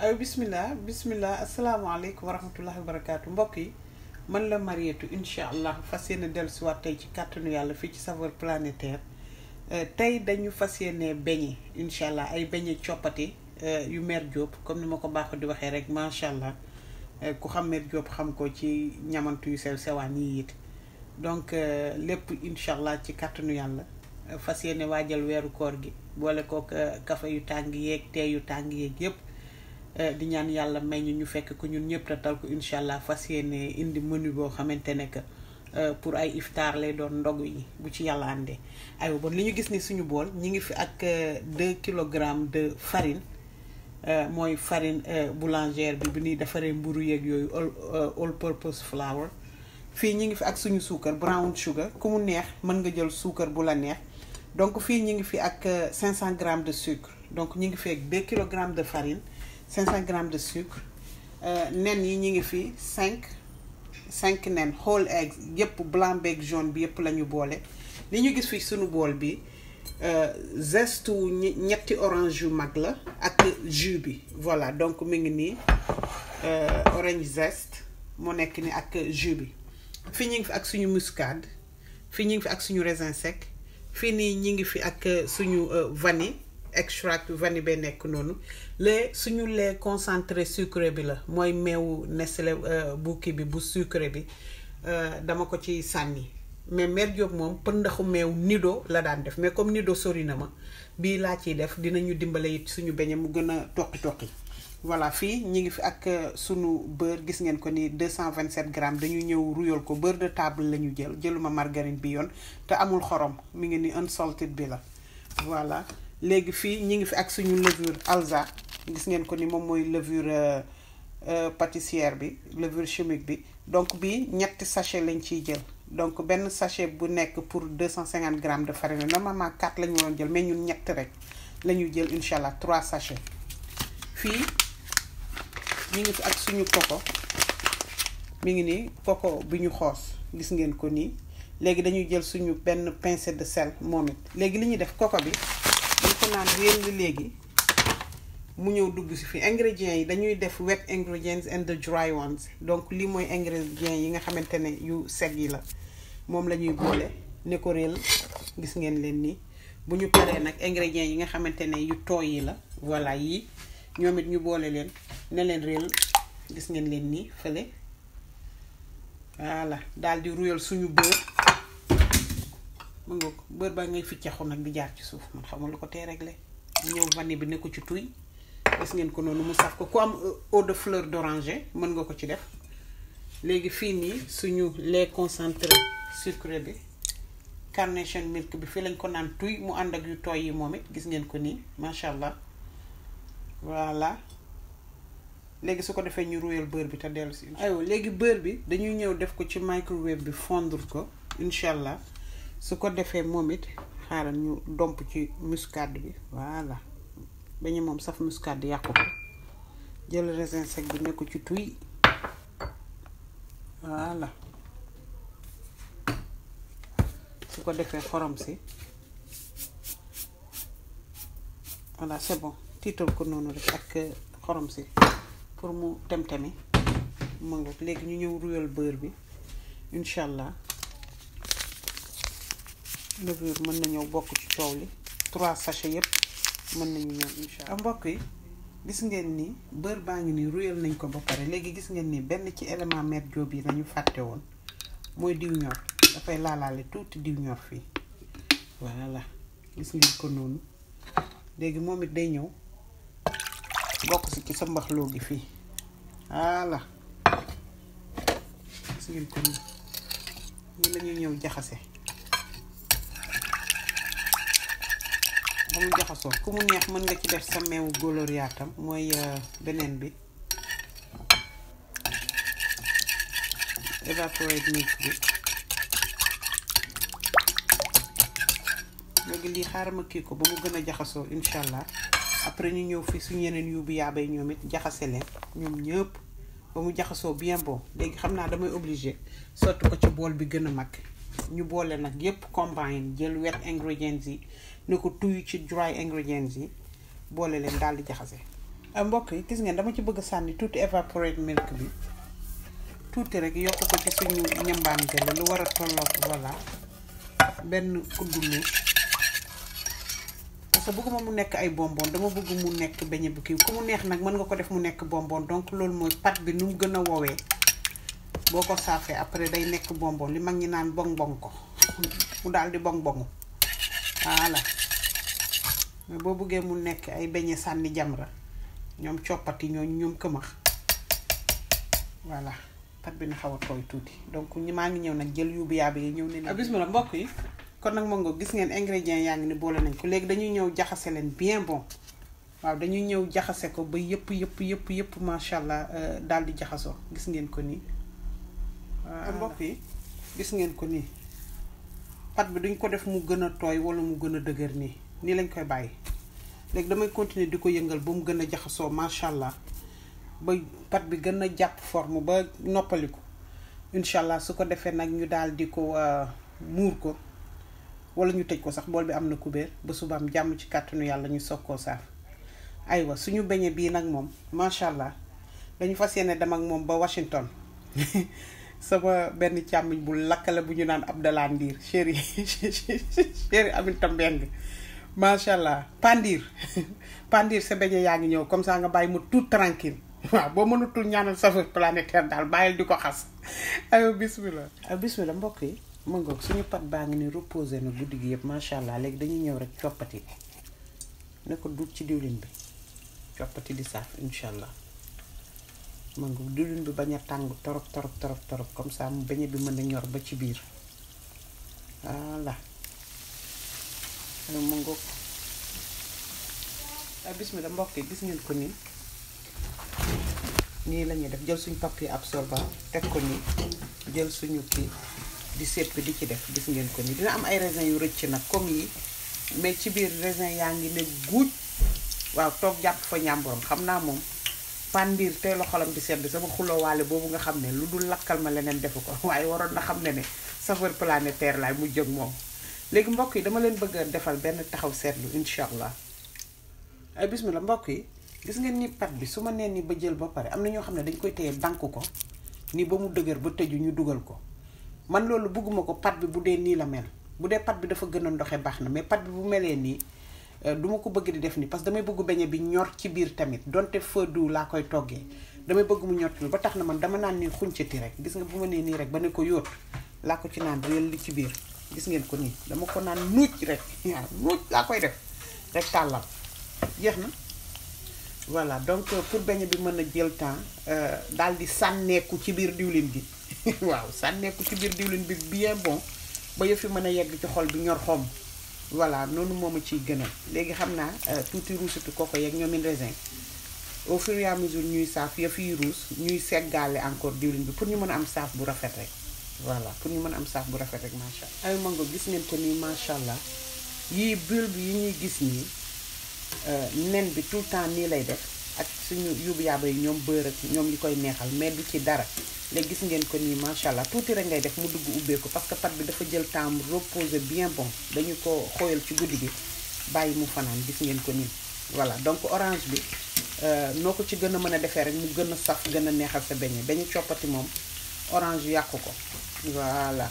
ay bismillah bismillah asalaamaaleykum wa rahmatullahi barakaatu mbokk yi man la Marietou incha allah fas yéene dellusiwaat tey ci kàttanu yàlla fii ci saveur planétaire euh, tey dañu fas yéene beñe incha allah ay beñe coppati euh, yu Mère Diop comme ni ma ko baaxoo di waxee rek macha allah euh, ku xam Mère xam ko ci ñamantu yu sew sewaan lépp incha allah ci kàttanu yàlla fas yéene waajal weeru koor gi boole ko kafe yu tàng yeeg tee yu tàng yeeg yépp Eh, di ñaan yàlla may ñu ñu fekk ko ñun ñëpp ratal ko incha allah fas yéene indi menu boo xamante ne que eh, pour ay iftar lay doon ndog yi bu ci yàlla àndee ay bon li ñu gis ni suñu bool ñi ngi fi ak 2 eh, kg de farine mooy farine boulangère bi bi ñuy defaree mburu yeeg yooyu all purpose flour fii ñi ngi fi ak suñu sucre brown sugar ku mu neex mën nga jël sucre bu la neex donc fii ñi ngi fi ak 500 grammes de sucre donc ñi ngi fi ak 2 kg de farine 500 grammes de sucre euh, nen yi ñu ngi fi cinq cinq nen whole egg yëpp blanc beeg jaune bi yëpp la ñu boole li ñu gis fi sunu bool bi euh, zeste wu ñetti orange yu mag la ak jus bi voilà donc mi ngi nii euh, orange zeste moo nekk ni ak jus bi fi ñu ngi fi ak suñu muscade fi ñu ngi fi ak suñu raisin sec fii nii ñu ngi fi ak suñu vanille extract vanille be nekk noonu lait suñu lait concentré sucré bi la mooy meewu Nestlé euh, bu kii bi bu sucré bi euh, dama ko ci sànni mais mère Diop moom ndaxu meew nido la daan def mais comme nido sori na ma bii laa ciy def ñu dimbale it suñu beñe mu gën a toqi toqi voilà fii ñi ngi fi ak euh, sunu beurre gis ngeen ko ni cent 227 grammes dañu ñëw ruyal ko beurre de table la ñu jël jëluma margarine bi yoon te amul xorom mi ngi ni unsalted bi la voilà légui fi ñi ngi fi ak suñu levure alza gis ngeen ko ni moom mooy levure euh, euh, pâtissière bi levure chimique bi donc bi ñetti sachet lañ ciy jël donc benn sachet bu nekk pour 250 cent grammes de farine normalement quatre la ñu waroon jël mais ñun ñett rek la ñuy jël incha allah trois sachets fii ñu ngi fi ak suñu coco mi ngi nii koko bi ñu xoos gis ngeen ko nii léegi dañuy jël suñu benn pincée de sel moom it léegi li ñuy def coco bi. naan réel li léegi mu ñëw dugg si fi ingrédients yi dañuy def wet ingredients and the dry ones donc lii mooy ingrédients yi nga xamante ne yu sec yi la moom la ñuy boole ne ko réel gis ngeen leen nii bu ñu paree nag ingrédients yi nga xamante ne yu tooy yi la voilà yii ñoom it ñu boole leen ne leen réel gis ngeen leen nii fële voilà daal di ruyal suñu beurre mu ngoog bër ba ngay ficcaxu nag di jaar ci suuf man xamul lu ko tee réglé ñëw vanille bi ne ko ci tuy gis ngeen ko noonu mu saf ko ku am euh, eau de fleur d'oranger mën nga ko ci def léegi fii nii suñu lait concentré sucré bi carnation milk bi fii lañ ko naan tuy mu ànd ak yu tooy yi moom it gis ngeen ko nii macha allah voilà léegi su ko defee ñu royal beurre bi te dellu si aywa léegi beurre bi dañuy ñëw def ko ci microwave bi fondre ko incha allah su ko defee moom it xaaral ñu domp ci muscade bi voilà bañu moom saf muscade yàqu ko jël raisin sec bi nekk ci tuy voilà su ko defee xorom si voilà c'est bon tiital ko noonu rek ak xorom si pour mu tem-temi mu ngoog léegi ñu ñëw ruyal beurre bi incha allah levure mën na ñëw bokk ci coow li trois sachets yëpp mën nañu ñëw incha allah mbokk yi gis ngeen ni beurre baa ngi nii ruyal nañ ko ba pare léegi gis ngeen ni benn ci élément mère Diop yi dañu fàtte woon mooy diw ñor dafay laalaale tuuti diw ñor fii voilà gis ngeen ko noonu léegi moom it day ñëw bokk si ci sa mbaxloo gi fii voilà gis ngeen ko noonu lañuy ñëw jaxase ba mu jaxasoo ku mu neex mën nga ci def sa meewu goloriyaatam mooy euh, beneen bi evaporate milk bi léegi lii xaaral ma kii ko ba mu gën jaxasoo incha allah après ñu ñëw fii suñu yeneen yu bu bay ñoom it jaxase leen ñoom ñëpp ba mu jaxasoo bien bon léegi xam naa damay obligé sotti ko ci bool bi gën a mag ñu boole nag yëpp combine jël wet ingrédients yi ne ko tuy ci dry ingredients yi boole leen daal di jaxase. Euh, mbokk yi gis ngeen dama ci bëgg sànni tuuti evaporate milk bi tuuti rek yokk ko ci suñu ñambaan war a tolloog voilà benn kuddu muus parce que bëgguma mu nekk ay bonbon dama bëgg mu nekk beñe bu kii ku mu neex nag mën nga ko def mu nekk bonbon donc loolu mooy pat bi nu mu gën a woowee boo ko saafee après day nekk bonbon li mag ñi naan bong bong ko mu daal di bong bongu voilà mais boo bëggee mu nekk ay beñe sànni jamra ñoom coppati ñoo ñoom këmax voilà pat bi na xaw a tooy tuuti donc ñi maa ngi ñëw nag jël yuubu yaabe yi ñëw ne ah, bismilla mbokk yi kon nag moo gis ngeen ingrédients yaa ngi ni boole nañ ko léegi dañuy ñëw jaxase leen bien bon waaw dañuy ñëw jaxase ko ba yëpp yëpp yëpp yëpp macha allah euh, daal di jaxasoo gis ngeen ko nii mbokk yi gis ngeen ko nii pat bi duñ ko def mu gën a tooy wala mu gën dëgër nii ni lañ koy bay lek damay continuer diko yëngal bu mu gëna a machallah ba pat bi gëna japp forme ba noppaliku inshallah su ko defee nag ñu dal diko euh mur ko wala ñu tej ko sax bol bi amna na kubéer ba subaam jàmm ci kàttanu yalla ñu soog koo ay wa suñu beñe bi nak mom machallah dañu fasiyene ak mom ba Washington sama benn chamuñ bu lakala bu ñu naan Abdallah ndir chéri chéri amin tambeng Masyaallah, pandir pandir sa beje yaa kom ñëw comme ça nga bàyyi mu tout tranquille waaw boo mënatul ñaanal saveur planétaire daal bàyyil di ko ayo bismillah ah, bismillah mbokk yi ma ngoog suñu pat baa ni reposé na guddi gi yëpp macha allah léegi dañuy ñëw rek coppati ne ko duut ci diwlin bi coppati di saaf incha allah ma ngoog diwlin bi bañ a tàng torop torop torop torop comme ça bi mën a ñor ba ci kanam mangkok, habis ah bismillah mbokk yi gis ngeen ko ni. Ni la ñuy def jël suñ papier absorbant teg ko ni, jël suñu kii di seet di ci def gis ngeen ko ni. dina am ay raisin yu rëcc nag comme yi mais ci biir raisin yaa ngi ne guuj waaw toog jàpp fa ñàmborom xam naa pan bir te lo xolam di sedd sama walé bobu nga xamné ne lu ma leneen defu ko waaye na xamné ne saveur planétaire lay mu jëg mom léegi mbokk yi dama leen bëgg defal benn taxaw seetlu incha allah ay eh, bismillah mbokk yi gis ngeen ni pat bi su ma ni ba jël ba pare am na ñoo xam ne dañ koy téye dànk ko ni ba mu dëgër ba tëju ñu dugal ko man loolu bëgguma ko pat bi bu dee nii la mel bu dee pat bi dafa gën a ndoxe baax na mais pat bi bu melee nii eh, duma ko bëgg di def ni parce que damay bëgg beñe bi ñor ci biir tamit donte feu du laa koy toggee damay bëgg mu ñor ba tax na man dama naan ni xuncati rek gis nga bu ma nee rek ba ne ko yóot laa ko ci naan yel li ci biir gis ngeen ko nii dama ko naan nuuj rek waaw nuuj laa koy def rek tàllal jeex na voilà donc euh, pour beñe bi mën a jël temps euh, daal di sànneeku ci biir diwlin bi waaw sànneeku ci biir diwlin bi bien bon ba yëf yi mën a yegg ci xol bi ñor xom voilà noonu moom a ciy gënal léegi xam naa euh, tuuti ruusitu koko yeeg ñoomin raisin au fur et à mesure ñuy saaf yëf ruus ñuy seggaale encore diwlin bi pour ñu mën a am saaf bu rafet rek voilà pour ñu mën am saaf bu rafet rek macha ay mango gis ngeen ko ni macha allah yii bulbe yi ñuy gis nii euh, nen bi tout temps ni lay def ak suñu yub yaaba yi ñom beur ak ñom likoy neexal mais du ci dara léegi gis ngeen ko ni macha allah tuuti rek ngay def mu dugg ko parce que pat bi dafa jël temps mu reposer bien bon dañu ko xoyal ci guddi bi bàyyi mu fanaan gis ngeen ko ni voilà donc orange bi euh, noo ko ci gën a mën a defee rek mu gën a saf gën a neexal sa beñe dañu coppati moom orange yàqu ko voilà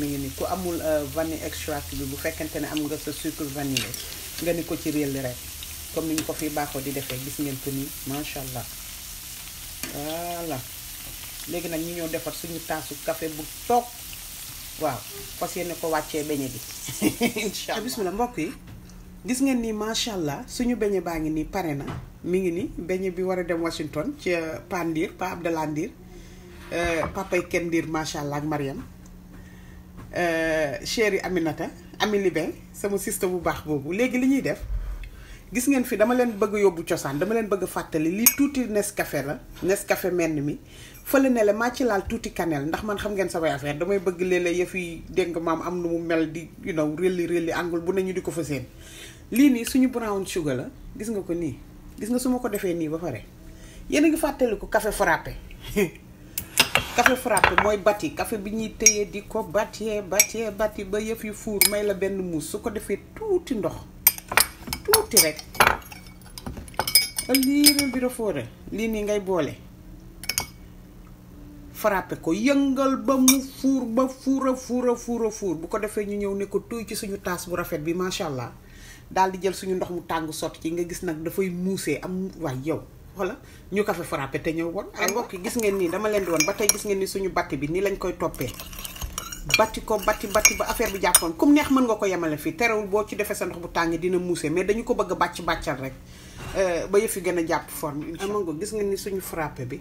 mi ngi ni ku amul euh, vanille extract bi bu fekkante ne am nga sa sucre vanille nga ni ko ci réel rek comme ni ko fi baaxoo di defee gis ngeen ko ni macha allah voilà léegi nag ñu ñëw defar suñu taasu café bu toog waaw fas yéene ko wàccee beñe bi incha ah, bismillah mbokk yi gis ngeen ni macha allah suñu beñe baa ngi nii pare na mi ngi ni beñe bi war a dem Washington ci euh, Pandir Pa Abdallah Eh, papay Kendir macha allah ak Mariam eh, chéri Aminata Ami Libin sama sista bu baax boobu léegi li ñuy def gis ngeen fi dama leen bëgg yóbbu cosaan dama leen bëgg fàttali lii tuuti kafe la Nescafé menn mi fële ne la maa ci laal tuuti cannelle ndax man xam ngeen samay affaire damay bëgg léeg-léeg yëf maam am nu mu mel di you know rélli rélli angul bu ne ñu di ko fa seen lii nii suñu brown sugar la gis nga ko nii gis nga su ma ko defee nii ba pare yéen a ngi fàttaliku café frappé café frappe, moy bati café bi ñuy di ko batiyee batiyee bati ba yef yu four may la benn mousse suko ko touti ndox touti rek liiral bi boleh, li ni ngay bolé frappé ko yëngal ba mu four ba foura foura foura four bu ko defee ñu ñëw ne ko tuy ci suñu tasse bu rafet bi macha allah daal di jël suñu ndox mu tang sot ci nga gis da fay muusee am way yow wala ñu kafe frappé te ñëw woon ay mbokk gis ngeen nii dama leen di woon ba tey gis ngeen ni suñu batti bi nii lañ koy toppee batti ko batti batti ba affaire bi jàppoon comme neex mën nga ko yemale fii terewul boo ci defee sa ndox bu tàng dina muuse mais dañu ko bëgg a bàcc bàccal rek euh, ba yëf yi gën a jàpp forme amango gis ngeen ni suñu frappé bi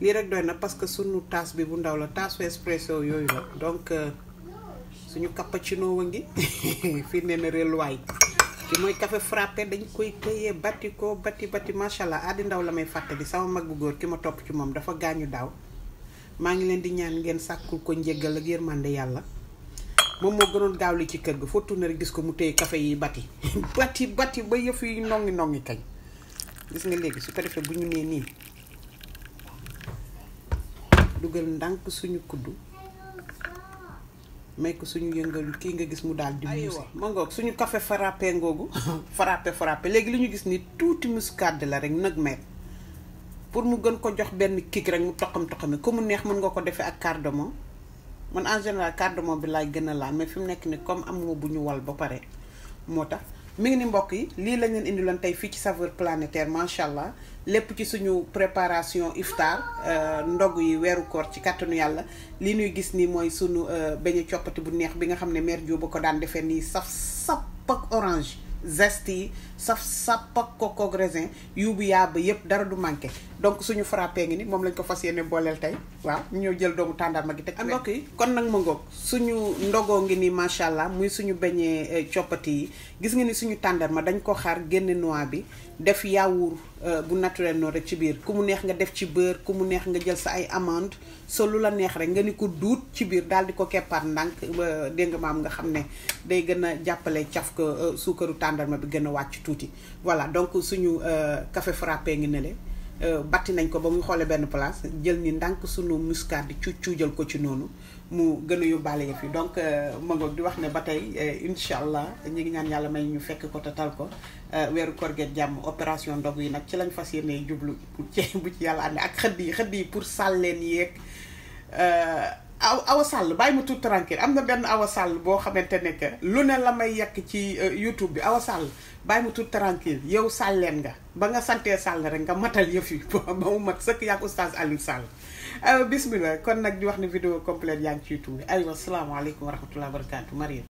lii rek na parce que suñu taas bi bu ndaw la taasu espresso yooyu la donc euh, suñu cappuccino wa ngi fii nee na reluwaay ki moy café frappé dañ koy tëyee batti ko batti batti machallah adi ndaw lamay faté di sama mag bu ki ma top ci mom dafa gañu daw ma ngi len di ñaan ngeen sàkkul ko njéggal ak yërmande yalla mom mo gënon gawli ci kër ga fo tourné rek gis ko mu café yi batti batti batti ba yi nongi nongi kañ gis nga légui su ko bu ñu dugal ndank suñu kuddu may ko suñu yëngalu kii nga gis mu daal di muusi ma ngoog suñu café frappé ngoogu frappé frappé léegi lu ñu gis ni tuuti muscade la rek nag met pour mu gën ko jox benn kick rek mu toqam toqami ku mu neex mën nga ko defee ak cardamome mën en général cardamome bi laay gën a laal mais fi mu nekk nii comme am bu ñu wal ba pare moo tax mi ngi ni mbokk yi lii lañ indiloon tey fii ci saveur planétaire macha allah lépp ci suñu préparation iftar euh, ndog yi weeru koor ci kàttanu yàlla li ñuy gis ni mooy sunu euh, beñe coppati bu neex bi nga xam ne mère Diop ba ko daan defee nii saf sapp ak orange zeste yi saf sapp ak coco raisin yu yàbb yëpp dara du manqué. donc suñu frappé ngi ni moom lañ ko fas yéene booleel tey waaw ñoo jël doomu tàndarma gi teg ah, mbokk yi kon nag ma ngoog suñu ndogoo ngi nii macha allah muy suñu beñee eh, coppati yi gis nga ni suñu tàndarma dañ ko xaar génne noix bi def yaawur eh, bu naturel noonu rek ci biir ku mu neex nga def ci beurre ku mu neex nga jël sa ay amande so lu la neex rek nga ni ko duut ci biir daal di ko keppaat ndànk dégg nga maam nga xam ne day gën a jàppale caf ko eh, suukaru tàndarma bi gën a wàcc tuuti voilà donc suñu café frappé ngi ne Euh, batti nañ ko ba muy xoolee benn place jël ni ndànk sunu muskat di cuuj cuujal ko ci noonu mu gën a yóbbaale yëf yi donc euh, ma ngoog di wax ne ba tey euh, incha allah ñu ngi ñaan yàlla may ñu fekk ko te tal ko weeru koor jàmm opération ndog yi nag ci lañ fas yéenee jublu bu ci yàlla ànd ak xëdd yi xëdd yi pour sàlleen yeeg. Awasal, awa sall bàyyi ma tout tranquille amna ben awa sall bo xamantene ke lu ne la may ci euh, youtube bi awa sall bàyyi tout tranquille yow sallen nga ba nga santé sall rek nga matal yëf yi ba mu mat sekk yak oustaz ali Sall euh, bismillah kon nak di wax ni vidéo complète yang ci youtube wa assalamu alaykum wa rahmatullahi wa barakatuh mari